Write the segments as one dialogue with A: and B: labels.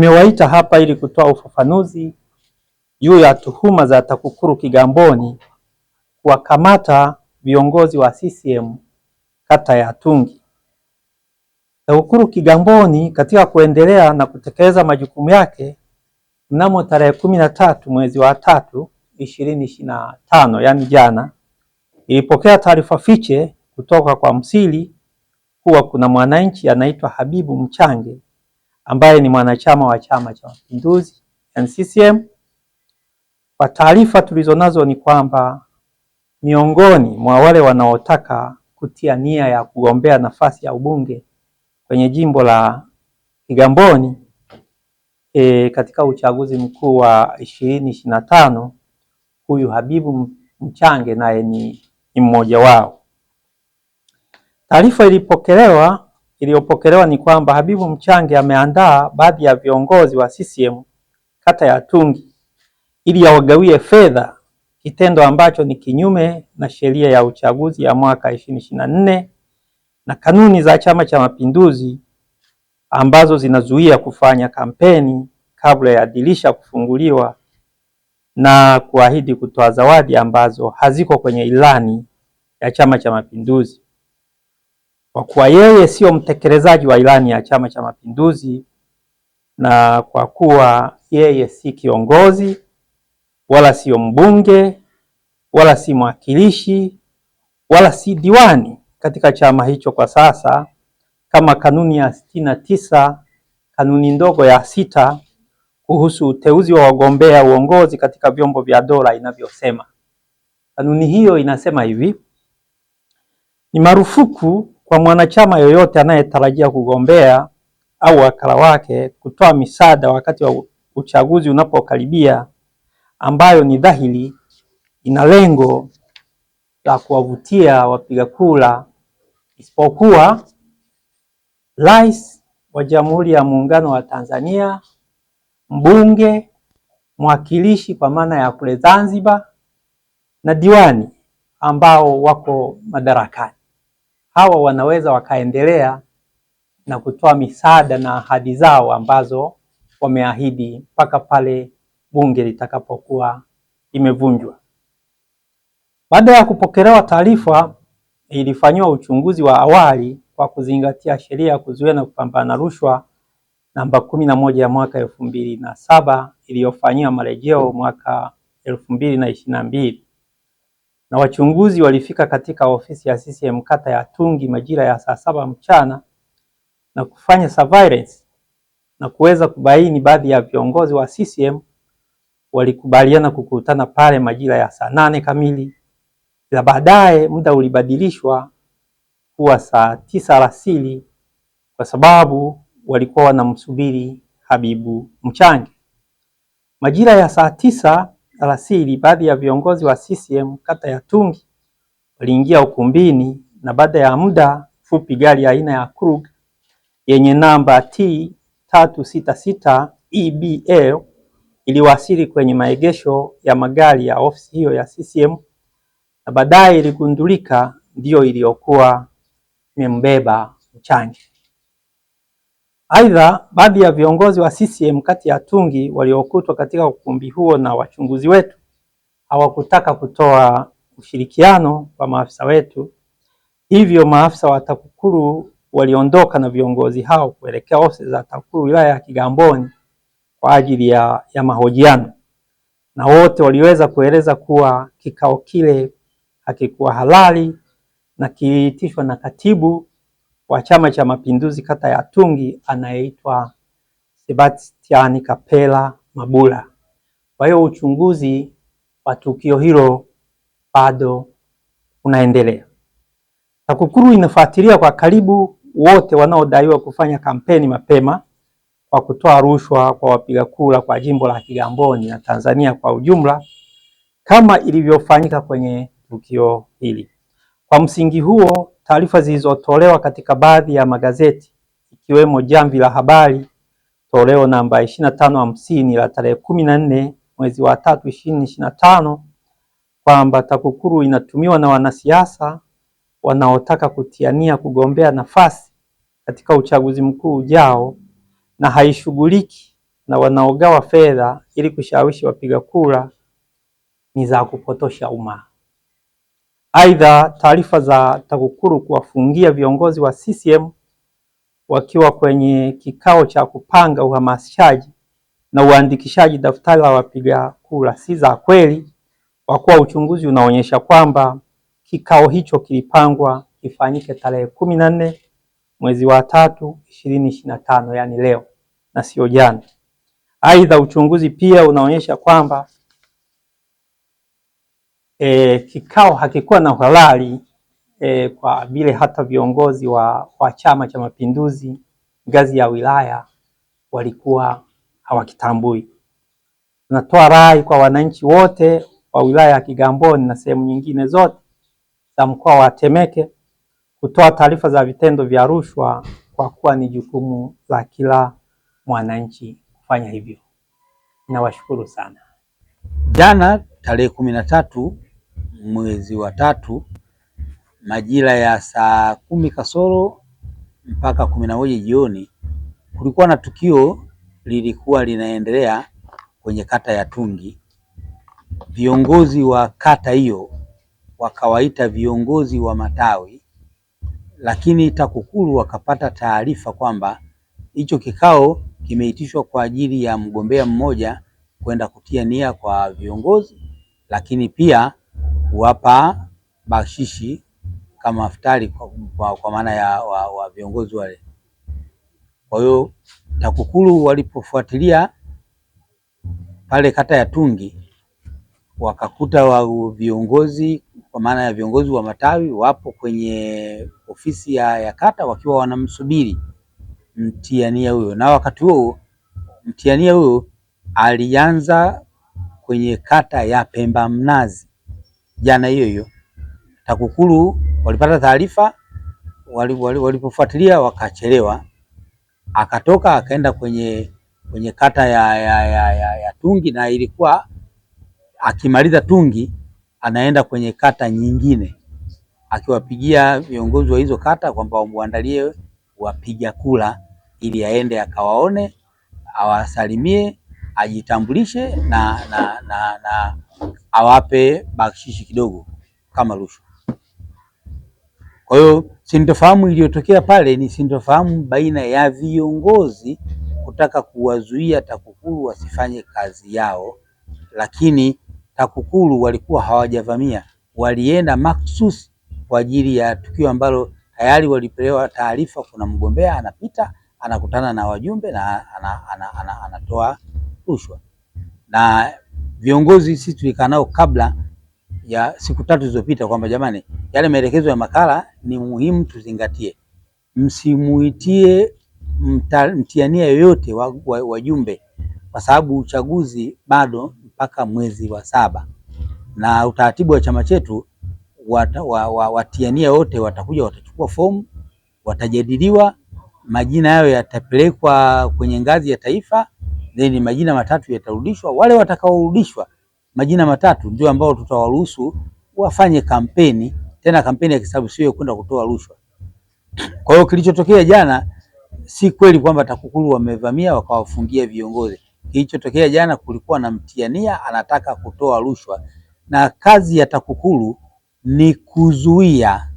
A: Nimewaita hapa ili kutoa ufafanuzi juu ya tuhuma za TAKUKURU Kigamboni kuwakamata viongozi wa CCM kata ya Tungi. TAKUKURU Kigamboni katika kuendelea na kutekeleza majukumu yake mnamo tarehe kumi na tatu mwezi wa tatu ishirini ishirini na tano yaani jana, ilipokea taarifa fiche kutoka kwa msili kuwa kuna mwananchi anaitwa Habibu Mchange ambaye ni mwanachama wa Chama cha Mapinduzi NCCM. Kwa taarifa tulizonazo ni kwamba miongoni mwa wale wanaotaka kutia nia ya kugombea nafasi ya ubunge kwenye jimbo la Kigamboni e, katika uchaguzi mkuu wa ishirini ishirini na tano huyu Habibu Mchange naye ni mmoja wao. Taarifa ilipokelewa iliyopokelewa ni kwamba Habibu Mchange ameandaa baadhi ya viongozi wa CCM kata ya Tungi ili awagawie fedha, kitendo ambacho ni kinyume na sheria ya uchaguzi ya mwaka 2024 na kanuni za Chama cha Mapinduzi ambazo zinazuia kufanya kampeni kabla ya dirisha kufunguliwa na kuahidi kutoa zawadi ambazo haziko kwenye ilani ya Chama cha Mapinduzi kwa kuwa yeye sio mtekelezaji wa ilani ya Chama cha Mapinduzi na kwa kuwa yeye si kiongozi wala sio mbunge wala si mwakilishi wala si diwani katika chama hicho kwa sasa, kama kanuni ya sitini na tisa kanuni ndogo ya sita kuhusu uteuzi wa wagombea uongozi katika vyombo vya dola inavyosema. Kanuni hiyo inasema hivi: ni marufuku kwa mwanachama yoyote anayetarajia kugombea au wakala wake kutoa misaada wakati wa uchaguzi unapokaribia, ambayo ni dhahiri ina lengo la kuwavutia wapiga kura, isipokuwa rais wa Jamhuri ya Muungano wa Tanzania, mbunge, mwakilishi kwa maana ya kule Zanzibar na diwani ambao wako madarakani hawa wanaweza wakaendelea na kutoa misaada na ahadi zao ambazo wameahidi mpaka pale bunge litakapokuwa imevunjwa. Baada ya kupokelewa taarifa, ilifanyiwa uchunguzi wa awali kwa kuzingatia sheria ya kuzuia na kupambana rushwa namba kumi na moja ya mwaka elfu mbili na saba iliyofanyiwa marejeo mwaka elfu mbili na ishirini na mbili na wachunguzi walifika katika ofisi ya CCM kata ya Tungi majira ya saa saba mchana na kufanya surveillance na kuweza kubaini baadhi ya viongozi wa CCM walikubaliana kukutana pale majira ya saa nane kamili, na baadaye muda ulibadilishwa kuwa saa tisa alasiri kwa sababu walikuwa wanamsubiri Habibu Mchange. Majira ya saa tisa Alasiri baadhi ya viongozi wa CCM kata ya Tungi waliingia ukumbini na baada ya muda fupi gari aina ya Krug yenye namba T 366 EBL iliwasili kwenye maegesho ya magari ya ofisi hiyo ya CCM na baadaye iligundulika ndiyo iliyokuwa imembeba Mchanje. Aidha, baadhi ya viongozi wa CCM kati ya tungi waliokutwa katika ukumbi huo na wachunguzi wetu hawakutaka kutoa ushirikiano kwa maafisa wetu, hivyo maafisa wa TAKUKURU waliondoka na viongozi hao kuelekea ofisi za TAKUKURU wilaya ya Kigamboni kwa ajili ya, ya mahojiano na wote waliweza kueleza kuwa kikao kile hakikuwa halali na kiliitishwa na katibu wa Chama cha Mapinduzi kata ya Tungi anayeitwa Sebastian Kapela Mabula. Kwa hiyo uchunguzi wa tukio hilo bado unaendelea. TAKUKURU inafuatilia kwa karibu wote wanaodaiwa kufanya kampeni mapema kwa kutoa rushwa kwa wapiga kura kwa jimbo la Kigamboni na Tanzania kwa ujumla kama ilivyofanyika kwenye tukio hili. Kwa msingi huo taarifa zilizotolewa katika baadhi ya magazeti ikiwemo Jamvi la Habari toleo namba 2550 na tano hamsini la tarehe kumi na nne mwezi wa tatu ishirini na tano kwamba TAKUKURU inatumiwa na wanasiasa wanaotaka kutiania kugombea nafasi katika uchaguzi mkuu ujao na haishughuliki na wanaogawa fedha ili kushawishi wapiga kura ni za kupotosha umma. Aidha, taarifa za TAKUKURU kuwafungia viongozi wa CCM wakiwa kwenye kikao cha kupanga uhamasishaji na uandikishaji daftari la wapiga kura si za kweli, kwa kuwa uchunguzi unaonyesha kwamba kikao hicho kilipangwa kifanyike tarehe kumi na nne mwezi wa tatu ishirini ishirini na tano yaani leo na sio jana. Aidha, uchunguzi pia unaonyesha kwamba e, kikao hakikuwa na uhalali e, kwa vile hata viongozi wa, wa Chama cha Mapinduzi ngazi ya wilaya walikuwa hawakitambui. Natoa rai kwa wananchi wote wa wilaya ya Kigamboni na sehemu nyingine zote za mkoa wa Temeke kutoa taarifa za vitendo vya rushwa kwa kuwa ni jukumu la kila mwananchi kufanya hivyo. Nawashukuru sana.
B: Jana tarehe kumi na tatu mwezi wa tatu majira ya saa kumi kasoro mpaka kumi na moja jioni, kulikuwa na tukio lilikuwa linaendelea kwenye kata ya Tungi. Viongozi wa kata hiyo wakawaita viongozi wa matawi, lakini TAKUKURU wakapata taarifa kwamba hicho kikao kimeitishwa kwa ajili ya mgombea mmoja kwenda kutia nia kwa viongozi, lakini pia kuwapa bakshishi kama iftari kwa, kwa, kwa maana ya wa, wa viongozi wale. Kwa hiyo TAKUKURU walipofuatilia pale kata ya Tungi wakakuta wa viongozi kwa maana ya viongozi wa matawi wapo kwenye ofisi ya, ya kata wakiwa wanamsubiri mtiania huyo, na wakati huo mtiania huyo alianza kwenye kata ya Pemba Mnazi jana hiyo hiyo TAKUKURU walipata taarifa, walipofuatilia wakachelewa, akatoka akaenda kwenye kwenye kata ya, ya, ya, ya, ya Tungi na ilikuwa akimaliza Tungi anaenda kwenye kata nyingine akiwapigia viongozi wa hizo kata kwamba wamwandalie wapiga kula ili aende akawaone awasalimie ajitambulishe na, na, na, na awape bakshishi kidogo kama rushwa. Kwa hiyo sintofahamu iliyotokea pale ni sintofahamu baina ya viongozi kutaka kuwazuia TAKUKURU wasifanye kazi yao, lakini TAKUKURU walikuwa hawajavamia, walienda maksusi kwa ajili ya tukio ambalo tayari walipelewa taarifa, kuna mgombea anapita anakutana na wajumbe na anatoa ana, ana, ana, ana rushwa na viongozi sisi tulikaa nao kabla ya siku tatu zilizopita kwamba jamani, yale maelekezo ya makala ni muhimu tuzingatie, msimuitie mtiania yoyote wajumbe wa, wa kwa sababu uchaguzi bado mpaka mwezi wa saba, na utaratibu wa chama chetu watiania wa, wa, watiania wote watakuja, watachukua fomu, watajadiliwa, majina yao yatapelekwa kwenye ngazi ya taifa then majina matatu yatarudishwa. Wale watakaorudishwa majina matatu ndio ambao tutawaruhusu wafanye kampeni, tena kampeni ya kisabu, sio kwenda kutoa rushwa. Kwa hiyo kilichotokea jana si kweli kwamba TAKUKURU wamevamia wakawafungia viongozi. Kilichotokea jana kulikuwa na mtiania anataka kutoa rushwa, na kazi ya TAKUKURU ni kuzuia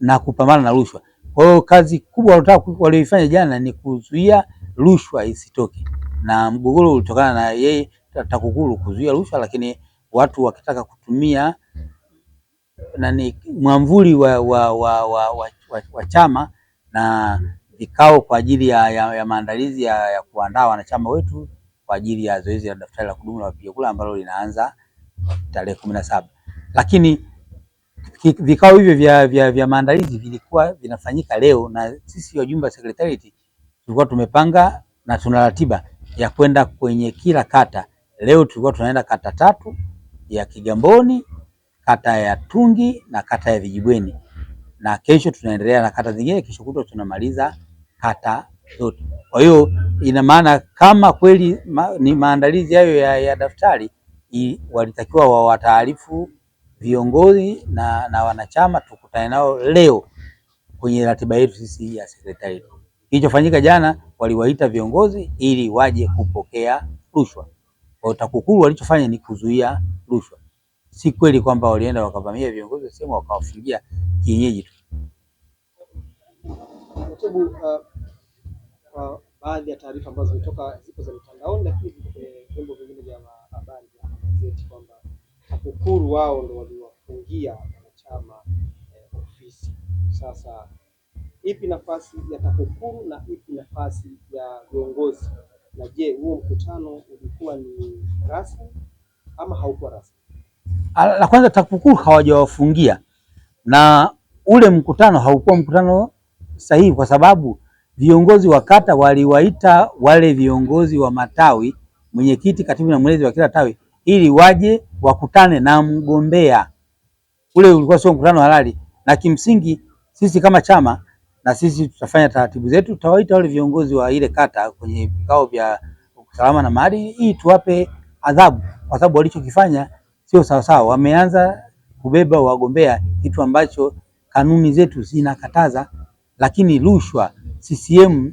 B: na kupambana na rushwa. Kwa hiyo kazi kubwa walioifanya jana ni kuzuia rushwa isitoke na mgogoro ulitokana na yeye TAKUKURU kuzuia rushwa, lakini watu wakitaka kutumia hmm. nani mwamvuli wa, wa, wa, wa, wa, wa, wa chama na vikao kwa ajili ya, ya, ya maandalizi ya, ya kuandaa wanachama wetu kwa ajili ya zoezi la daftari la kudumu la wapiga kura ambalo linaanza tarehe kumi na saba. Lakini vikao hivyo vya, vya, vya maandalizi vilikuwa vinafanyika leo, na sisi wajumbe wa sekretarieti tulikuwa tumepanga na tuna ratiba ya kwenda kwenye kila kata. Leo tulikuwa tunaenda kata tatu, ya Kigamboni, kata ya Tungi na kata ya Vijibweni, na kesho tunaendelea na kata zingine, kesho kutwa tunamaliza kata zote. Kwa hiyo ina maana kama kweli ma, ni maandalizi hayo ya, ya daftari i, walitakiwa wawataarifu viongozi na, na wanachama. Tukutane nao leo kwenye ratiba yetu sisi ya sekretarieti. Kilichofanyika jana, waliwaita viongozi ili waje kupokea rushwa. Kwa TAKUKURU walichofanya ni kuzuia rushwa. Si kweli kwamba walienda wakavamia viongozi wa sehemu wakawafungia kienyeji tu.
C: Uh, baadhi ya taarifa ambazo zimetoka zipo za mitandaoni, lakini vyombo vingine vya habari vya magazeti kwamba TAKUKURU wao ndio waliwafungia wanachama eh, ofisi sasa ipi nafasi ya TAKUKURU na ipi nafasi ya viongozi, na je, huo mkutano ulikuwa ni rasmi ama haukuwa rasmi?
B: La kwanza, TAKUKURU hawajawafungia na ule mkutano haukuwa mkutano sahihi, kwa sababu viongozi wa kata waliwaita wale viongozi wa matawi, mwenyekiti, katibu na mwelezi wa kila tawi, ili waje wakutane na mgombea. Ule ulikuwa sio mkutano halali, na kimsingi sisi kama chama na sisi tutafanya taratibu zetu, tutawaita wale viongozi wa ile kata kwenye vikao vya usalama na mali, hii tuwape adhabu, kwa sababu walichokifanya sio sawasawa. Wameanza kubeba wagombea, kitu ambacho kanuni zetu zinakataza, lakini rushwa CCM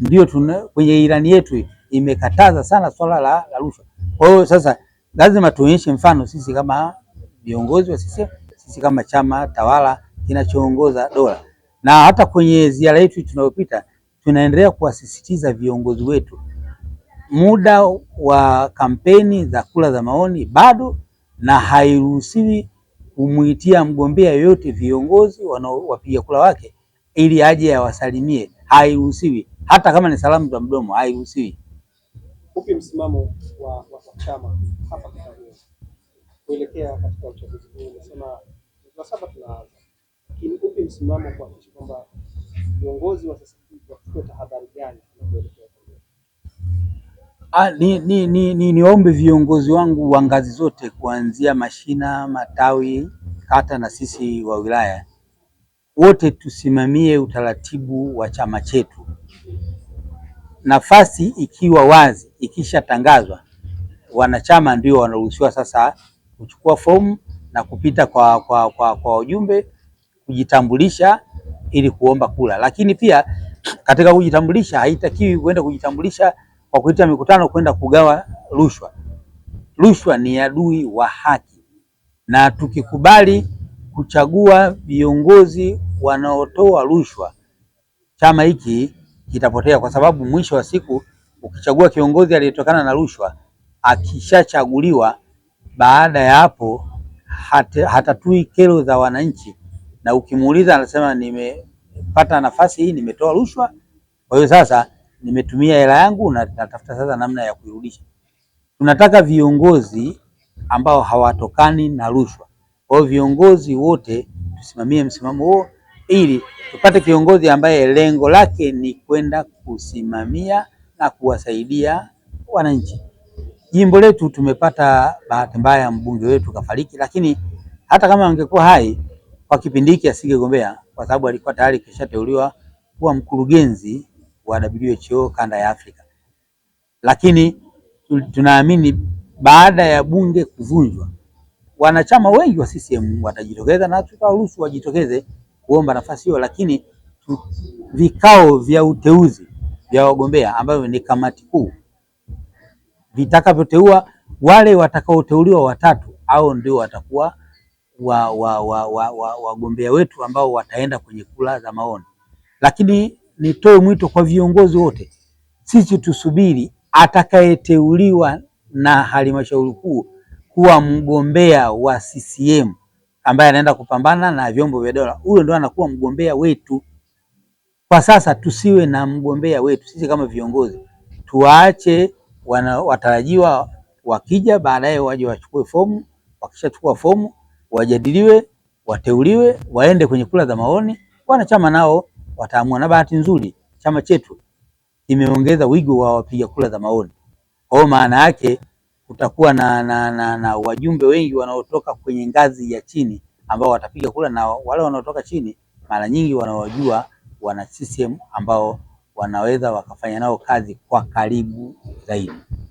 B: ndio tuna kwenye ilani yetu imekataza sana swala la, la rushwa. Kwa hiyo sasa lazima tuonyeshe mfano sisi kama viongozi wa CCM, sisi kama chama tawala kinachoongoza dola na hata kwenye ziara yetu tunayopita tunaendelea kuwasisitiza viongozi wetu, muda wa kampeni za kura za maoni bado, na hairuhusiwi kumuitia mgombea yoyote viongozi wanaowapiga kura wake ili aje awasalimie, hairuhusiwi. Hata kama ni salamu za mdomo hairuhusiwi.
C: Upi msimamo wa, wa, chama hapa kuelekea katika uchaguzi huu? Nasema tunaanza lakini upi msimamo kuhakikisha kwamba viongozi wa sasa hivi wachukue tahadhari gani?
B: Ah, ni, ni, ni, ni niombe viongozi wangu wa ngazi zote kuanzia mashina, matawi, kata na sisi wa wilaya wote tusimamie utaratibu wa chama chetu. Nafasi ikiwa wazi, ikishatangazwa, wanachama ndio wanaruhusiwa sasa kuchukua fomu na kupita kwa kwa kwa wajumbe kujitambulisha ili kuomba kura, lakini pia katika kujitambulisha haitakiwi kwenda kujitambulisha kwa kuita mikutano kwenda kugawa rushwa. Rushwa ni adui wa haki, na tukikubali kuchagua viongozi wanaotoa rushwa, chama hiki kitapotea, kwa sababu mwisho wa siku ukichagua kiongozi aliyetokana na rushwa, akishachaguliwa baada ya hapo hatatui kero za wananchi na ukimuuliza anasema nimepata nafasi hii, nimetoa rushwa, kwa hiyo sasa nimetumia hela yangu na natafuta sasa namna ya kuirudisha. Tunataka viongozi ambao hawatokani na rushwa. Kwa hiyo viongozi wote tusimamie msimamo huo, ili tupate kiongozi ambaye lengo lake ni kwenda kusimamia na kuwasaidia wananchi. Jimbo letu tumepata bahati mbaya, mbunge wetu kafariki, lakini hata kama angekuwa hai kwa kipindi hiki asingegombea kwa sababu alikuwa tayari kishateuliwa kuwa mkurugenzi wa WHO kanda ya Afrika, lakini tunaamini baada ya bunge kuvunjwa wanachama wengi wa CCM watajitokeza na tutaruhusu wajitokeze kuomba nafasi hiyo, lakini vikao vya uteuzi vya wagombea ambavyo ni kamati kuu vitakavyoteua wale watakaoteuliwa watatu au ndio watakuwa wagombea wa, wa, wa, wa wetu ambao wataenda kwenye kura za maoni. Lakini nitoe mwito kwa viongozi wote, sisi tusubiri atakayeteuliwa na halmashauri kuu kuwa mgombea wa CCM ambaye anaenda kupambana na vyombo vya dola, huyo ndo anakuwa mgombea wetu. Kwa sasa tusiwe na mgombea wetu sisi kama viongozi, tuwaache watarajiwa wakija baadaye waje wachukue fomu. Wakishachukua fomu wajadiliwe, wateuliwe, waende kwenye kura za maoni, wanachama nao wataamua. Na bahati nzuri chama chetu imeongeza wigo wa wapiga kura za maoni, kwa hiyo maana yake kutakuwa na, na, na, na wajumbe wengi wanaotoka kwenye ngazi ya chini ambao watapiga kura, na wale wanaotoka chini mara nyingi wanawajua wana CCM ambao wanaweza wakafanya nao kazi kwa karibu zaidi.